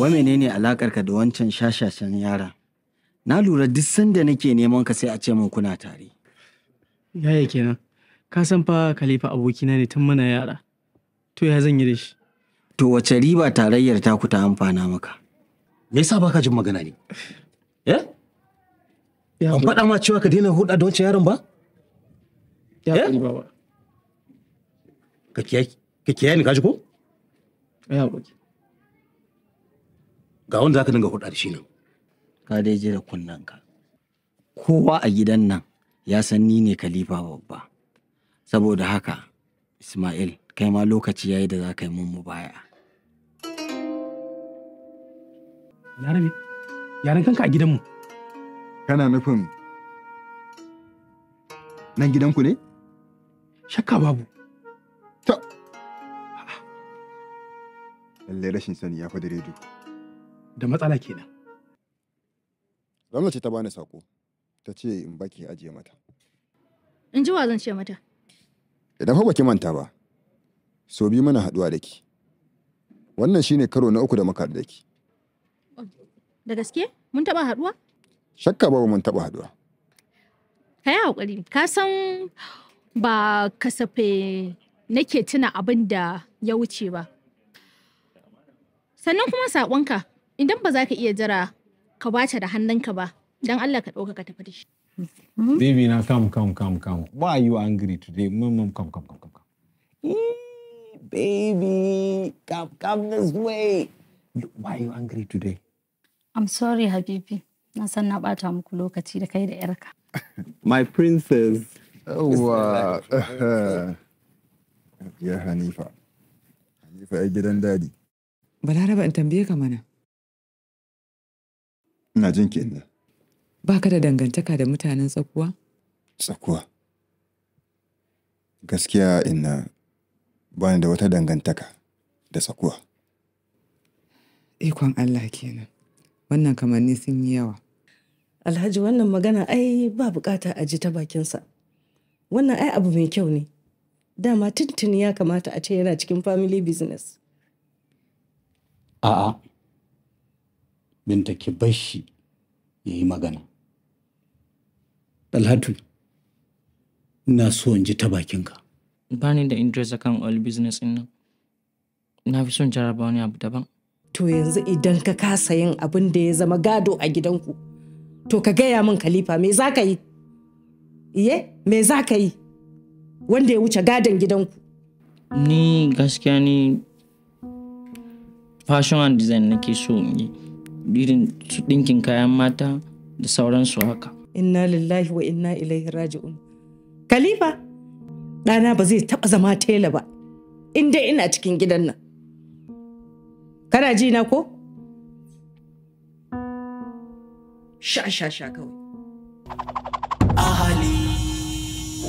wa menene alakarka da wancan shashashen yara na lura duk sanda nake neman ka sai a ce min kuna tare yaya kenan ka san fa khalifa abokina ne tun muna yara to ya zan yi da shi to wace riba tarayyar taku ta amfana maka me yasa baka jin magana ne eh an faɗa ma cewa ka daina hulɗa da wancan yaron ba ya yeah? baba ka kiyaye ka kiyaye ni ka ji ko ya aboki ga wanda zaka dinga hulɗa da shi nan ka dai je da ka kowa a gidan nan ya san ni ne kalifa babba saboda haka ismail kai ma lokaci yi da za ka yi mummu baya. larabe yaran kanka a gidanmu kana nufin nan gidanku ne shakka babu lallai rashin sani ya fi da rediyo. da matsala kenan. Ramla ce ta bani sako, ta ce in baki ajiye mata. In ji wa zan ce mata. Idan fa baki manta ba, so bi mana haduwa da ki. Wannan shine karo na uku da muka da ki. Da gaske? Mun taɓa haduwa. Shakka ba mun taɓa haduwa. Ka yi haƙuri, ka san ba kasafe nake tuna abin da ya wuce ba. Sannan kuma saƙonka Idan ba za ka iya jira ka bata da hannunka ba, don Allah ka ɗauka ka tafi da shi. Hmm? Baby na come come come come. Why are you angry today? mum mum come come come come come. baby, come come this way. Why are you angry today? I'm sorry, Habibi. Na san na ɓata muku lokaci da kai da ‘yarka. My princess. Yawwa. Ya Hanifa. Hanifa ya gidan dadi. Balaraba in tambaye ka mana. Ina jin kenan. Ba ka da dangantaka da mutanen tsakuwa? Tsakuwa. Gaskiya ina ba ni da wata dangantaka da tsakuwa. Ikon Allah kenan. Wannan kamanni sun yi yawa. Alhaji wannan magana ai ba bukata a ji ta bakinsa. Wannan ai abu mai kyau ne. Dama tuntuni ya kamata a ce yana cikin family business. A'a, binta take bashi ya yi magana talhatu ina so in ji ta bakinka ba ni da interest kan all business in nan na fi son jaraba wani abu daban to yanzu idan ka kasa yin abin da ya zama gado a gidanku to ka gaya min kalifa me za ka yi iye me za ka yi wanda ya wuce gadon gidanku ni gaskiya ni fashion and design nake so in yi irin su ɗinkin kayan mata da sauransu haka. Inna lillahi wa inna ilaihi raji'un. Khalifa ɗana ba zai taɓa zama tela ba in dai ina cikin gidan nan. Kana ji na ko? Sha sha sha kawai.